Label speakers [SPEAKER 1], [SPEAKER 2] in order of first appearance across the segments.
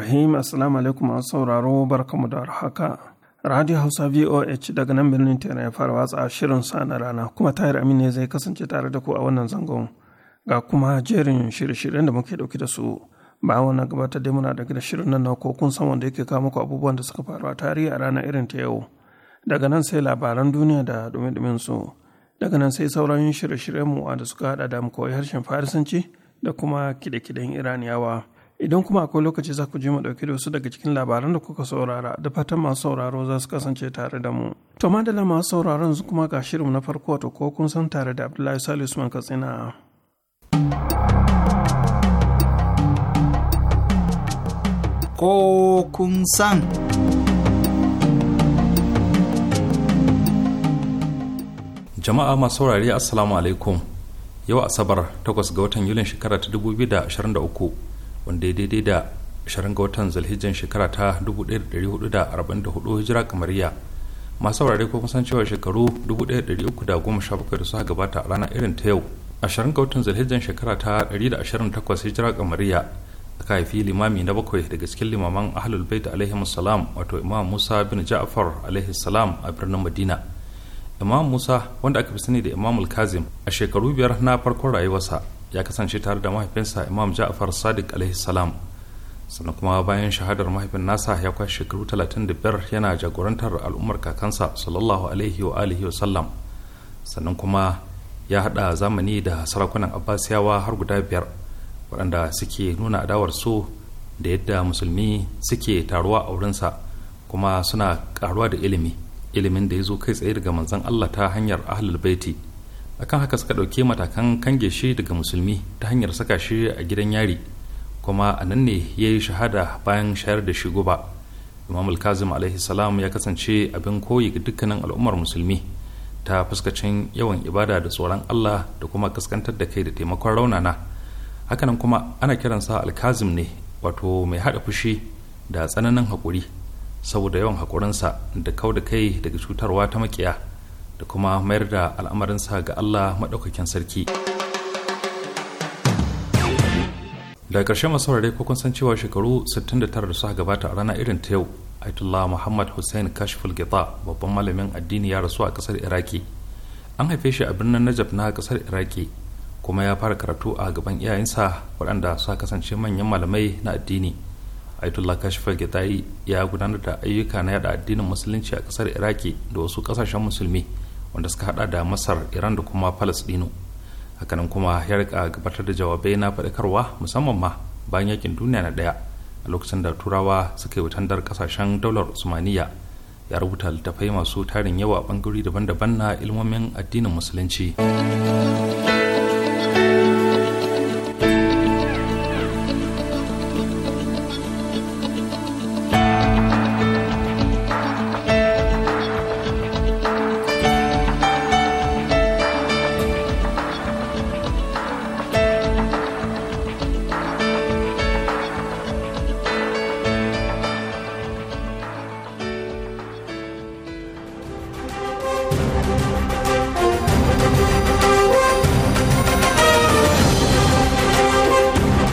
[SPEAKER 1] rahim assalamu alaikum an sauraro barkamu da haka radio hausa voh daga nan birnin tana ya fara watsa shirin sa na rana kuma tahir amine zai kasance tare da ku a wannan zangon ga kuma jerin shirye-shiryen da muke dauke da su ba wannan gabatar da muna da daga shirin nan na kun san wanda yake kawo muku abubuwan da suka faru a tarihi a rana irin ta yau daga nan sai labaran duniya da dumi su daga nan sai sauran shirye-shiryen mu da suka hada da mu koyi harshen farisanci da kuma kide-kiden iraniyawa idan kuma akwai lokaci za ku je mu dauke da wasu daga cikin labaran da kuka saurara da fatan masu sauraro za su kasance tare da mu to madala masu sauraron su kuma ga shirin na farko to ko kun san tare da abdullahi salisu usman katsina
[SPEAKER 2] ko kun san
[SPEAKER 3] jama'a masu saurari assalamu alaikum yau asabar 8 ga watan yulin shekara ta 2023 wanda ya daidai da shirin ga watan zalhijjan shekara ta 1444 hijira kamariya masu saurari ko kusan cewa shekaru 1317 da suka gabata a rana irin ta yau shirin ga watan zalhijjan shekara ta 128 hijira kamariya aka haifi limami na bakwai daga cikin limaman ahlul bait alaihi salam wato imam musa bin ja'far alaihi salam a birnin madina imam musa wanda aka fi sani da imam kazim a shekaru biyar na farkon rayuwarsa ya kasance tare da mahaifinsa imam ja'far sadiq alaihi salam sannan kuma bayan shahadar mahaifin nasa ya kwashe shekaru da biyar yana jagorantar al'ummar kakansa sallallahu alaihi wa alihi wa sallam sannan kuma ya hada zamani da sarakunan abbasiyawa har guda biyar waɗanda suke nuna adawar su da yadda musulmi suke taruwa a wurinsa kuma suna karuwa da ilimi ilimin da ya zo kai tsaye daga manzon Allah ta hanyar ahlul baiti akan haka suka ɗauki matakan kange shi daga musulmi ta hanyar saka shi a gidan yari kuma a nan ne ya yi shahada bayan shayar da shi guba imam kazim alaihi salam ya kasance abin koyi ga dukkanin al'ummar musulmi ta fuskacin yawan ibada da tsoron allah da kuma kaskantar da kai da taimakon raunana hakanan kuma ana kiransa alkazim ne wato mai haɗa fushi da tsananin haƙuri saboda yawan haƙurinsa da kau da kai daga cutarwa ta makiya da kuma mayar da al'amarinsa ga Allah maɗaukakin sarki. da ƙarshe masu saurare ko kun san cewa shekaru 69 da suka gabata a ranar irin ta yau Aitullah Muhammad Hussein Kashful Gita babban malamin addini ya rasu a ƙasar Iraki an haife shi a birnin Najaf na ƙasar Iraki kuma ya fara karatu a gaban iyayensa waɗanda suka kasance manyan malamai na addini Aitullah Kashful Gita ya gudanar da ayyuka na yada addinin musulunci a ƙasar Iraki da wasu ƙasashen musulmi wanda suka hada da masar iran da kuma dino hakanan kuma ya rika gabatar da jawabai na faɗakarwa musamman ma bayan yakin duniya na ɗaya a lokacin da turawa suka yi wutandar kasashen daular usmaniya ya rubuta littattafai masu tarin yawa a bangarori daban-daban na ilmomin addinin musulunci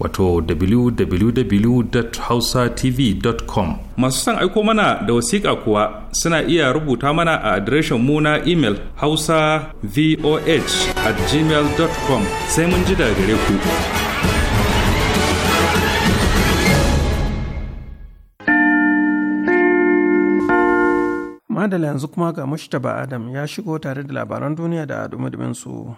[SPEAKER 3] wato www.hausatv.com masu son aiko mana da wasiƙa kuwa suna iya rubuta mana a adireshin mu na imel hausa voh at gmail.com sai mun ji da gare ku
[SPEAKER 1] madala yanzu kuma ga mushtaba adam ya shigo tare da labaran duniya da dumi su.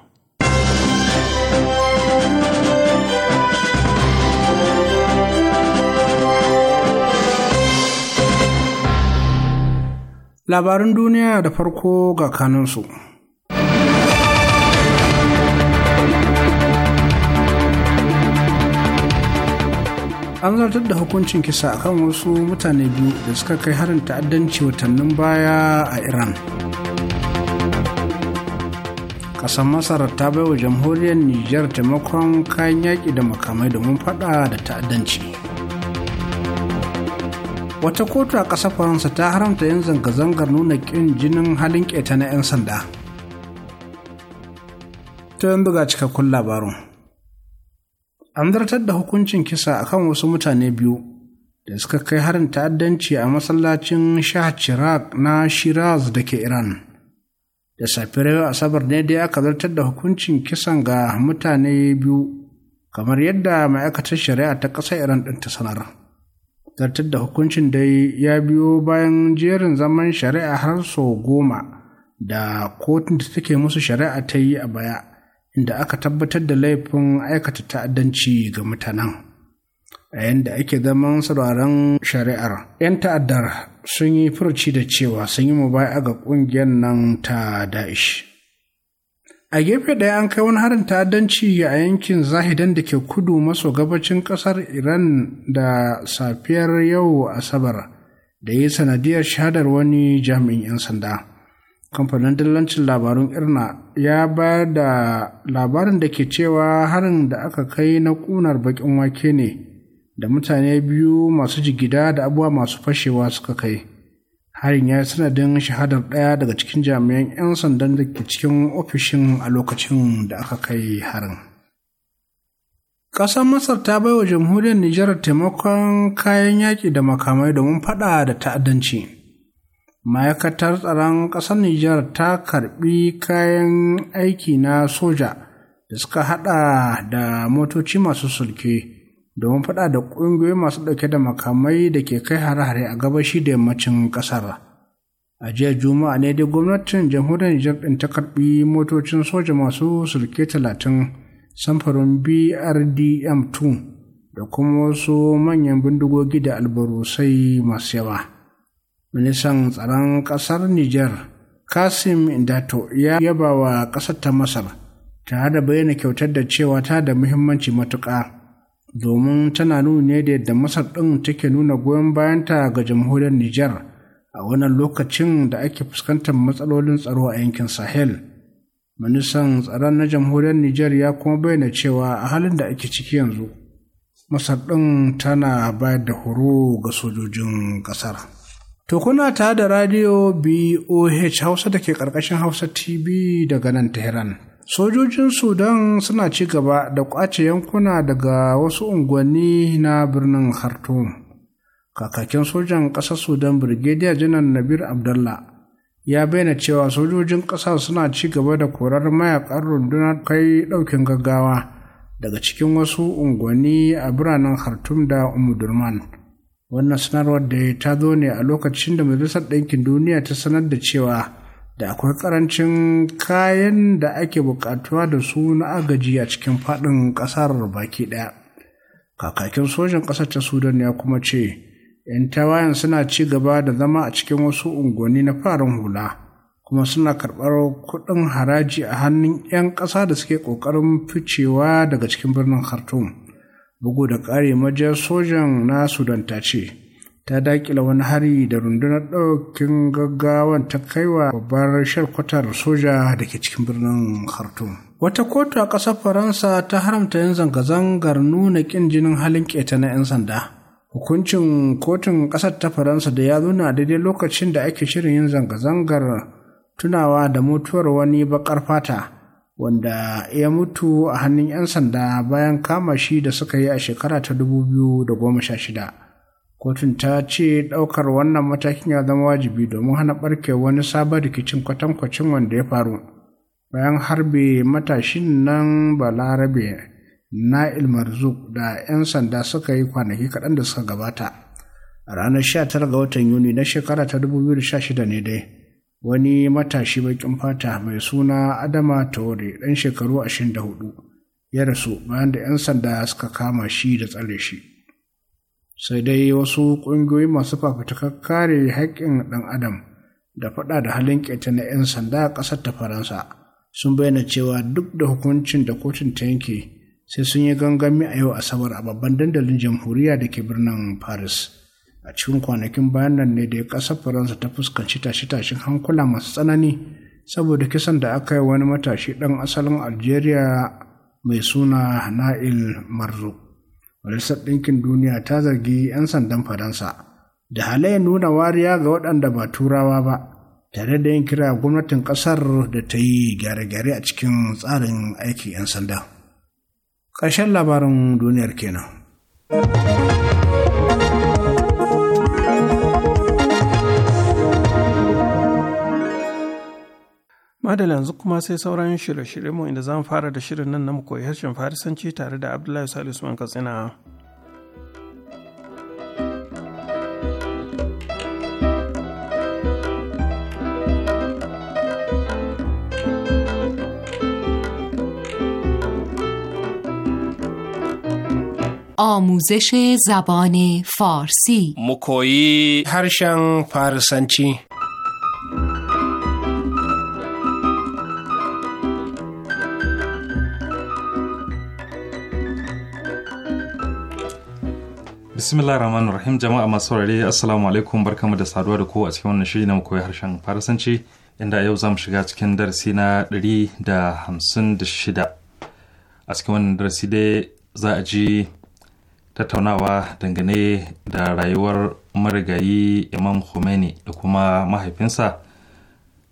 [SPEAKER 4] Labarin duniya da farko ga kanunsu. An zartar da hukuncin kisa akan wasu mutane biyu da suka kai harin ta'addanci watannin baya a Iran. Ƙasar Masar ta baiwa jamhuriyar Nijar taimakon kayan yaƙi da makamai domin faɗa da ta'addanci. wata kotu a ƙasar faransa ta haramta yin zanga-zangar nuna ƙin jinin halin ƙeta na 'yan sanda ta yin buga cikakkun labarun an zartar da hukuncin kisa akan wasu mutane biyu da suka kai harin ta'addanci a masallacin shah chirag na shiraz da ke iran da safiyar yau asabar ne dai aka zartar da hukuncin kisan ga mutane biyu kamar yadda ma'aikatar shari'a ta ƙasar iran ɗin ta sanar zartar da hukuncin dai ya biyo bayan jerin zaman shari'a har sau goma da kotun da take musu shari'a ta yi a baya inda aka tabbatar da laifin aikata ta'addanci ga mutanen a yadda ake zaman sauraron shari'ar 'yan ta'addar sun yi furuci da cewa sun yi mubaya ga ƙungiyar nan ta da'ish A gefe ɗaya an kai wani harin ta'addanci a yankin Zahidan da ke kudu maso gabacin ƙasar Iran da safiyar yau Asabar da ya yi sanadiyar shahadar wani jami'in 'yan sanda. Kamfanin dillancin labarun Irna ya ba da labarin da ke cewa harin da aka kai na ƙunar baƙin wake ne da mutane biyu masu jigida da abubuwa masu fashewa suka kai. harin ya yi sanadin shahadar ɗaya daga cikin jami'an 'yan sandan da ke cikin ofishin a lokacin da aka kai harin ƙasar masar ta baiwa jamhuriyar nijar taimakon kayan yaƙi da makamai domin faɗa da ta'addanci ma'aikatar tsaron ƙasar nijar ta karɓi kayan aiki na soja da suka haɗa da motoci masu sulke domin faɗa da ƙungiyoyi masu ɗauke da makamai da ke kai hare-hare a gabashi da yammacin ƙasar. a jiya juma'a ne dai gwamnatin jamhuriyar nijar ɗin ta karɓi motocin soja masu sulke talatin samfurin brdm 2 da kuma wasu manyan bindigogi da albarusai masu yawa ministan tsaron ƙasar nijar kasim indato ya yaba wa ƙasar ta masar tare da bayyana kyautar da cewa ta da muhimmanci matuƙa domin tana nuni ne da yadda masar ɗin take nuna goyon bayanta ga jamhuriyar Nijar a wannan lokacin da ake fuskantar matsalolin tsaro a yankin sahel ministan tsaron na jamhuriyar Nijar ya kuma bayyana cewa a halin da ake ciki yanzu masar ɗin tana bayar da horo ga sojojin ƙasar to kuna ta da radio boh hausa da ke ƙarƙashin hausa tv daga nan tehran sojojin sudan suna ci gaba da kwace yankuna daga wasu unguwanni na birnin khartoum kakakin sojan ƙasar sudan brigadier janar nabir abdullah ya bayyana cewa sojojin ƙasa suna ci gaba da korar mayakan rundunar kai ɗaukin gaggawa daga cikin wasu unguwanni a biranen khartoum da umudurman wannan sanarwar da ta zo ne a lokacin da majalisar ɗinkin duniya ta sanar da cewa da akwai karancin kayan da ake bukatuwa da su na agaji a cikin faɗin ƙasar baki ɗaya kakakin sojan ƙasar ta sudan ya kuma ce 'yan tawayen suna ci gaba da zama a cikin wasu unguwanni na farin hula kuma suna karɓar kuɗin haraji a hannun 'yan ƙasa da suke ƙoƙarin ficewa daga cikin birnin khartoum bugu da ƙari majiyar sojan na sudan ta ce ta daƙila wani hari da rundunar ɗaukin gaggawan ta kaiwa babbar kwatar soja da ke cikin birnin khartoum wata kotu a ƙasar faransa ta haramta yin zanga-zangar nuna ƙin jinin halin keta na 'yan sanda hukuncin kotun ƙasar ta faransa da ya nuna daidai lokacin da ake shirin yin zanga-zangar tunawa da mutuwar wani baƙar fata wanda ya mutu a hannun 'yan sanda bayan kama shi da suka yi a shekara ta dubu biyu da goma sha shida. kotun ta ce ɗaukar wannan matakin ya zama wajibi domin hana ɓarke wani sabon rikicin kwatankwacin wanda ya faru bayan harbe matashin nan balarabe na ilmarzuk da 'yan sanda suka yi kwanaki kaɗan da suka gabata a ranar 19 ga watan yuni na shekara ta 2016 ne dai wani matashi bakin fata mai suna adama taure ɗan shekaru 24 ya rasu bayan da 'yan sanda suka kama shi da tsare shi sai dai wasu ƙungiyoyi masu fafutukar kare haƙƙin ɗan adam da faɗa da halin ƙeta na 'yan sanda a ƙasar ta faransa sun bayyana cewa duk da hukuncin da kotun ta yanke sai sun yi gangami a yau asabar a babban dandalin jamhuriya da ke birnin paris a cikin kwanakin bayan nan ne da ya ƙasar faransa ta fuskanci tashe-tashen hankula masu tsanani saboda kisan da aka yi wani matashi ɗan asalin algeria mai suna na'il marzuk Majalisar Ɗinkin Duniya ta zargi 'yan sandan Faransa da halayen nuna wariya ga waɗanda ba turawa ba, tare da yin kira gwamnatin ƙasar da ta yi gyare-gyare a cikin tsarin aiki 'yan sanda. Ƙarshen labarin duniyar kenan.
[SPEAKER 1] madalla yanzu kuma sai sauran shirye-shirye mu inda zan fara da shirin nan na mu koyi harshen farisanci tare da abdullahi salisu man katsina
[SPEAKER 5] آموزش زبان فارسی
[SPEAKER 3] مکویی
[SPEAKER 4] هرشن فارسنچی
[SPEAKER 3] bismillah rahman rahim jama'a masu saurare assalamu alaikum bar da saduwa da kowa a cikin wannan shiri na koyi harshen farasanci inda yau za mu shiga cikin darasi na ɗari da hamsin da shida a cikin wannan darasi dai za a ji tattaunawa dangane da rayuwar marigayi imam khomeini da kuma mahaifinsa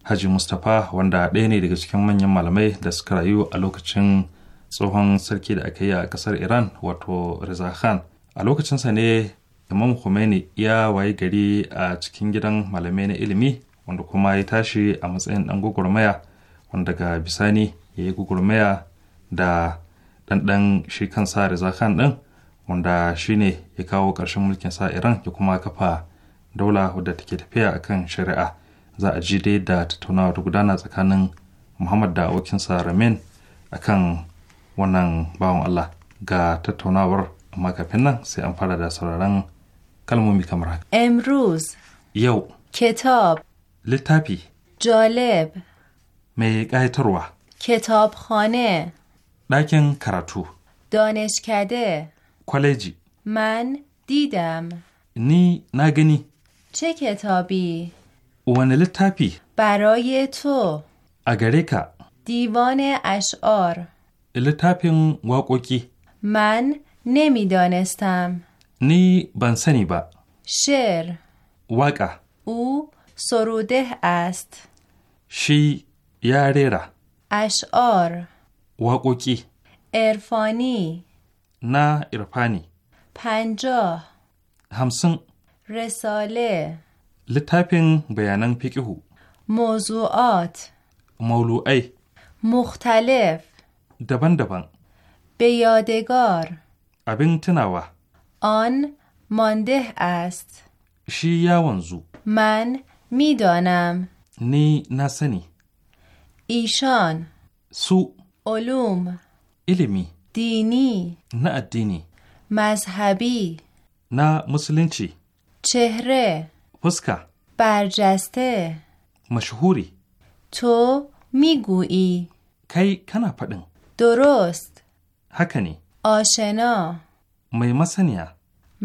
[SPEAKER 3] haji mustapha wanda ɗaya ne daga cikin manyan malamai da suka rayu a lokacin tsohon sarki da aka yi a ƙasar iran wato reza khan a lokacinsa ne imam khomeini ya waye gari a cikin gidan malamai na ilimi wanda kuma ya tashi a matsayin ɗan gwagwarmaya wanda daga bisani ya yi gwagwarmaya da ɗanɗan shi kansa Reza Khan ɗin wanda shi ne ya kawo ƙarshen mulkin sa Iran ya kuma kafa daula wadda take tafiya a kan shari'a za a ji dai da tattaunawa ta gudana tsakanin Muhammad da abokinsa Ramin kan wannan bawan Allah ga tattaunawar اما سی امفر در سرارن کلمومی
[SPEAKER 5] امروز یو کتاب لطبی جالب
[SPEAKER 3] می قایتروا
[SPEAKER 5] کتابخانه
[SPEAKER 3] دکن کراتو
[SPEAKER 5] دانشکده کالجی من دیدم
[SPEAKER 3] نی نگنی
[SPEAKER 5] چه کتابی؟
[SPEAKER 3] اون لطبی
[SPEAKER 5] برای تو
[SPEAKER 3] اگریکا
[SPEAKER 5] دیوان اشعار
[SPEAKER 3] لطبین واقوکی
[SPEAKER 5] من نمیدانستم
[SPEAKER 3] نی بنسنی با
[SPEAKER 5] شعر واقع او سروده است
[SPEAKER 3] شی را
[SPEAKER 5] اشعار
[SPEAKER 3] واقوکی
[SPEAKER 5] ارفانی
[SPEAKER 3] نه ارفانی
[SPEAKER 5] پنجاه همسن رساله
[SPEAKER 3] لطفین بیانن پیکهو
[SPEAKER 5] موضوعات
[SPEAKER 3] مولوعی
[SPEAKER 5] مختلف دبن دبن به یادگار
[SPEAKER 3] abin tunawa.
[SPEAKER 5] On Monday ast?
[SPEAKER 3] Shi ya wanzu.
[SPEAKER 5] Man midonam.
[SPEAKER 3] Ne na sani.
[SPEAKER 5] Ishan. Su. Olum. Ilimi. Dini.
[SPEAKER 3] Na addini.
[SPEAKER 5] Mazhabi.
[SPEAKER 3] Na musulunci.
[SPEAKER 5] Cehre. Fuska. Barjaste.
[SPEAKER 3] Mashhuri.
[SPEAKER 5] To migui. Kai kana faɗin. Dorost. Haka ne. آشنا می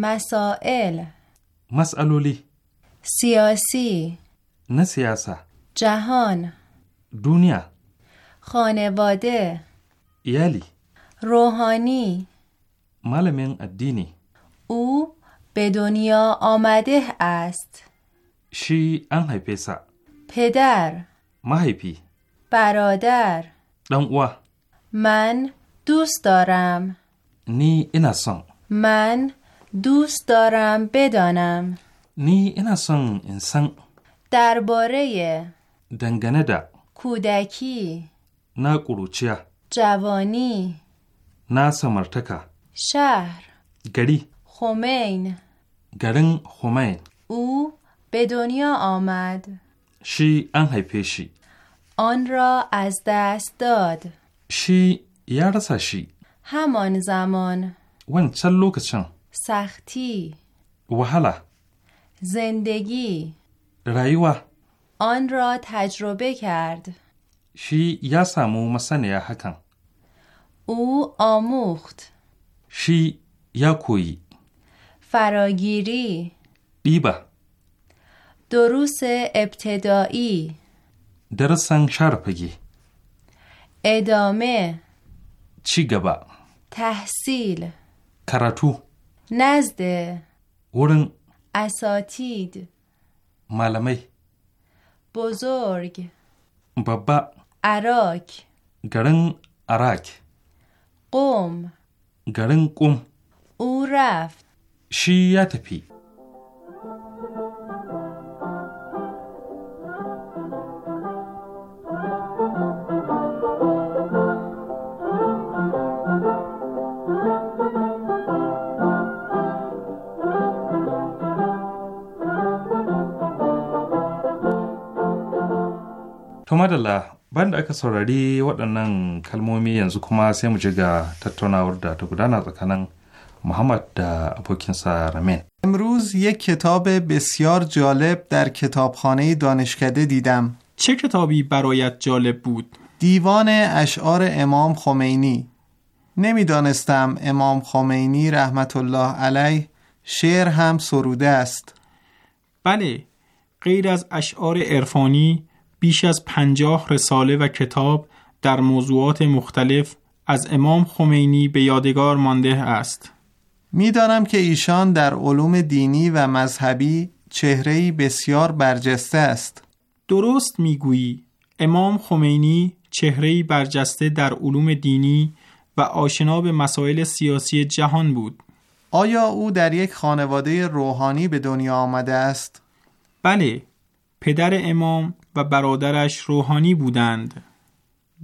[SPEAKER 5] مسائل
[SPEAKER 3] مسئلولی
[SPEAKER 5] سیاسی نه جهان دنیا خانواده یالی روحانی
[SPEAKER 3] ملمن الدینی
[SPEAKER 5] او به دنیا آمده است
[SPEAKER 3] شی ان پیسا
[SPEAKER 5] پدر مهیپی برادر دنوا من دوست دارم
[SPEAKER 3] نی اینا
[SPEAKER 5] من دوست دارم بدانم نی اینا انسان درباره
[SPEAKER 3] دنگنه دا
[SPEAKER 5] کودکی
[SPEAKER 3] نا قروچیا
[SPEAKER 5] جوانی
[SPEAKER 3] نا سمرتکا
[SPEAKER 5] شهر گری خومین
[SPEAKER 3] گرن خومین
[SPEAKER 5] او به دنیا آمد
[SPEAKER 3] شی ان پیشی
[SPEAKER 5] آن را از دست داد
[SPEAKER 3] شی یا
[SPEAKER 5] همان زمان
[SPEAKER 3] ونچن چن
[SPEAKER 5] سختی وحلا زندگی رایوا آن را تجربه کرد
[SPEAKER 3] شی یا سامو یا هکن
[SPEAKER 5] او آموخت
[SPEAKER 3] شی یا کوی
[SPEAKER 5] فراگیری بیبا دروس ابتدایی
[SPEAKER 3] درسن شرپگی
[SPEAKER 5] ادامه
[SPEAKER 3] چی گبا
[SPEAKER 5] تحصیل کراتو نزد ورن اساتید معلمه بزرگ بابا عراق
[SPEAKER 3] گرن عراق
[SPEAKER 5] قوم
[SPEAKER 3] گرن قوم
[SPEAKER 5] او رفت
[SPEAKER 3] شی یا تفی To madalla banda aka saurari waɗannan kalmomi yanzu kuma sai mu ji ga tattaunawar da ta gudana tsakanin امروز یک کتاب بسیار
[SPEAKER 6] جالب در کتابخانه دانشکده دیدم چه کتابی برایت جالب بود؟ دیوان اشعار امام خمینی نمیدانستم امام خمینی رحمت الله علیه شعر هم سروده است بله غیر از اشعار عرفانی بیش از پنجاه رساله و کتاب در موضوعات مختلف از امام خمینی به یادگار مانده است. میدانم که ایشان در علوم دینی و مذهبی چهره بسیار برجسته است. درست میگویی امام خمینی چهره برجسته در علوم دینی و آشنا به مسائل سیاسی جهان بود. آیا او در یک خانواده روحانی به دنیا آمده است؟ بله، پدر امام و برادرش روحانی بودند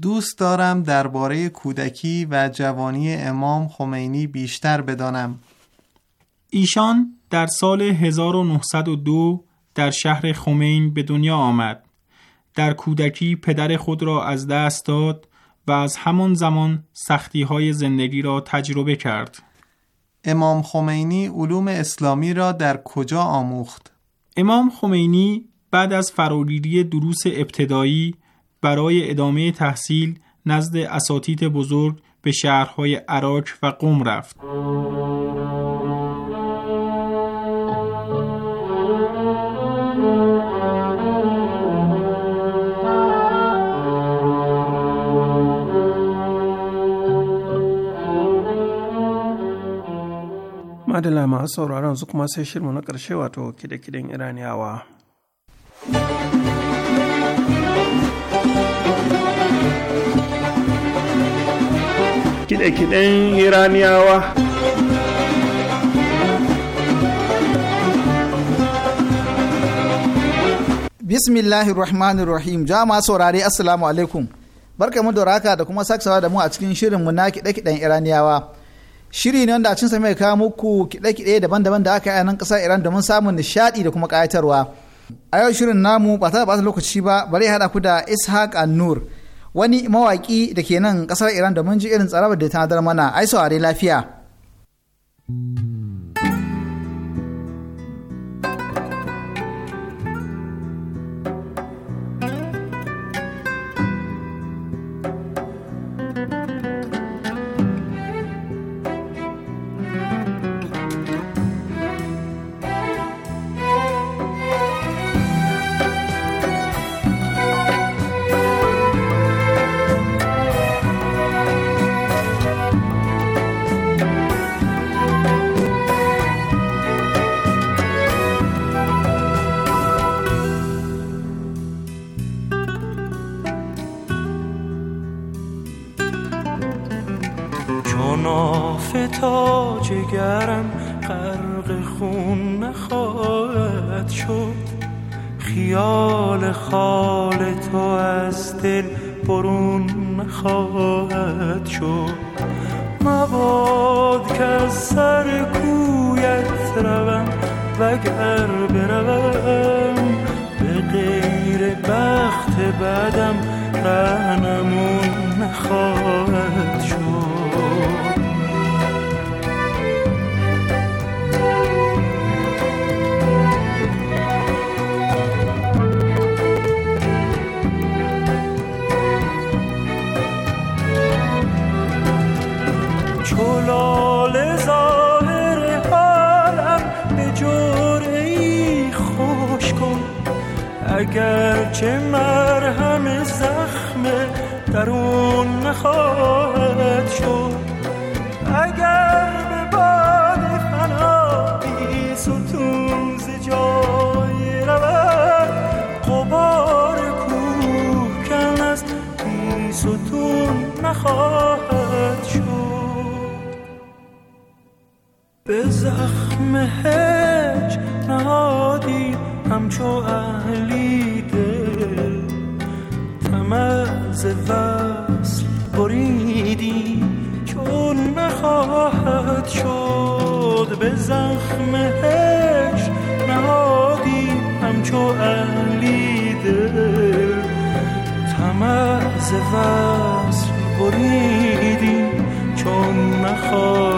[SPEAKER 6] دوست دارم درباره کودکی و جوانی امام خمینی بیشتر بدانم ایشان در سال 1902 در شهر خمین به دنیا آمد در کودکی پدر خود را از دست داد و از همان زمان سختی های زندگی را تجربه کرد امام خمینی علوم اسلامی را در کجا آموخت؟ امام خمینی بعد از فراگیری دروس ابتدایی برای ادامه تحصیل نزد اساتید بزرگ به شهرهای عراق و قوم رفت.
[SPEAKER 1] مدل masu sauraro yanzu kuma sai shirma na ƙarshe wato kide kiɗe-kiɗen iraniyawa
[SPEAKER 2] bismillahi rahmanir rahim jama saurari assalamu alaikum barka mu da raka da kuma saksawa da mu a cikin shirin mu na kiɗe-kiɗen iraniyawa shiri ne wanda a cin mai kawo muku kiɗe-kiɗe daban-daban da aka yi a nan ƙasar iran domin samun nishaɗi da kuma kayatarwa. a yau shirin namu ba ta bata lokaci ba bari haɗa ku da ishaq al-nur wani mawaƙi da ke nan ƙasar iran da mun ji irin tsarabar da ta nadar mana ai saurare lafiya.
[SPEAKER 7] شد به زخم هش نهادی همچو علی دل تمز وصل بریدی چون نخواد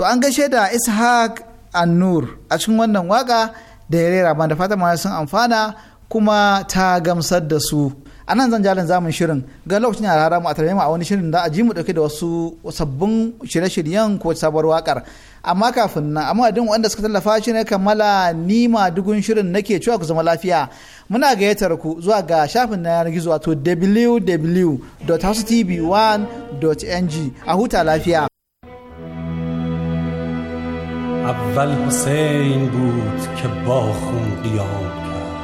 [SPEAKER 2] to an gaishe da ishaq annur a cikin wannan waka da ya rera ban da fatan ma sun amfana kuma ta gamsar da su a nan zan jalin zamun shirin ga lokacin a rara mu a tarbe mu a wani shirin da a ji mu dauke da wasu sabbin shirye-shiryen ko sabuwar wakar amma kafin nan amma din wanda suka tallafa shi ne kammala nima dugun shirin nake cewa ku zama lafiya muna gayyatar ku zuwa ga shafin na yanar gizo wato www.housetv1.ng a huta lafiya.
[SPEAKER 3] اول حسین بود که با خون قیام کرد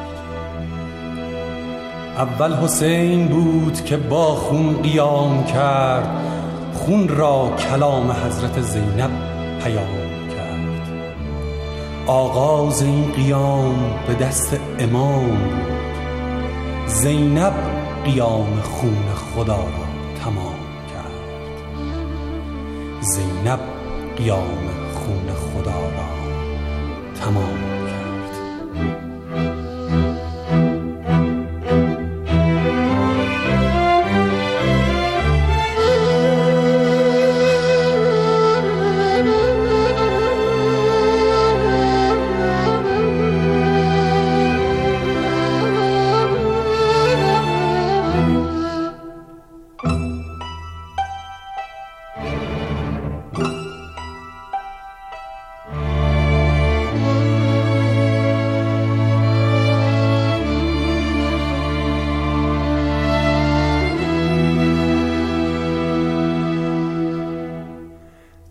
[SPEAKER 3] اول حسین بود که با خون قیام کرد خون را کلام حضرت زینب پیام کرد آغاز این قیام به دست امام بود
[SPEAKER 7] زینب قیام خون خدا را تمام کرد زینب قیام خون خدا را تمام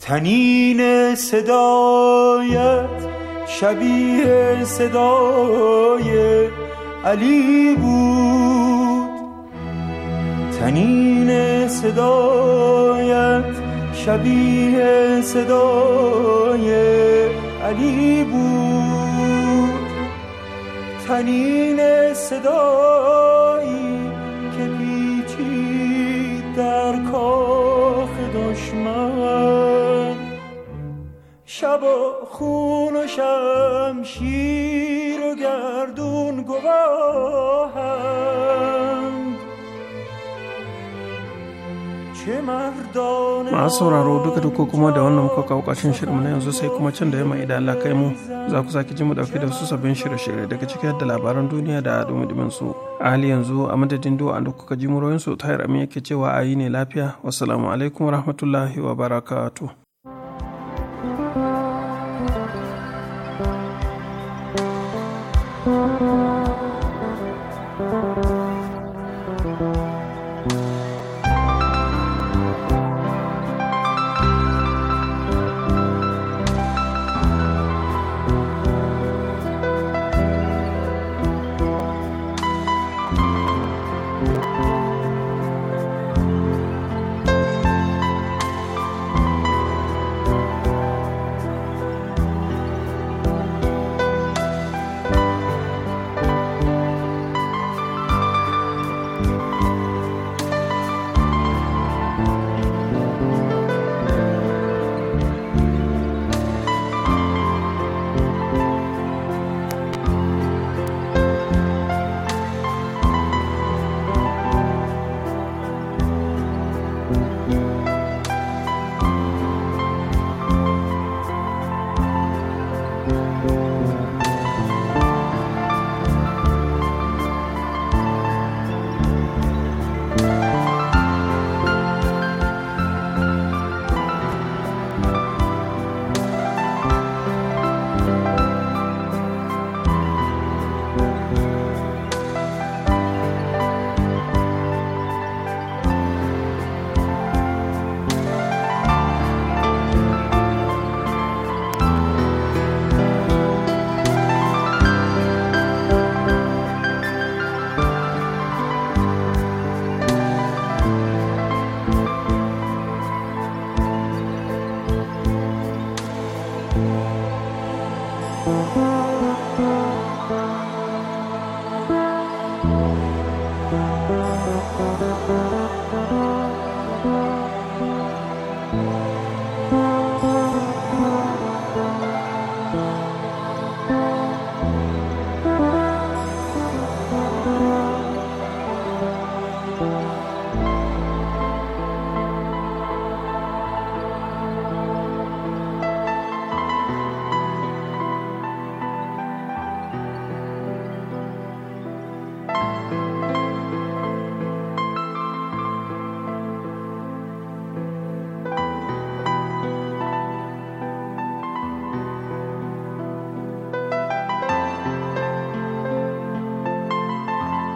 [SPEAKER 7] تنین صدایت شبیه صدای علی بود تنین صدایت شبیه صدای علی بود تنین صدایی که پیچید در کاخ دشمن شب و خون و شمشیر و گردون
[SPEAKER 1] sauraro duka duka kuma da wannan muka kawo ƙarshen shirin na yanzu sai kuma can da yamma idan Allah kai mu za ku sake ji mu dauke da su sabbin shirye-shirye daga cikin da labaran duniya da dumi su a hali yanzu a madadin du'a da kuka ji muroyin su tayar amin yake cewa ayi ne lafiya wassalamu alaikum warahmatullahi wabarakatuh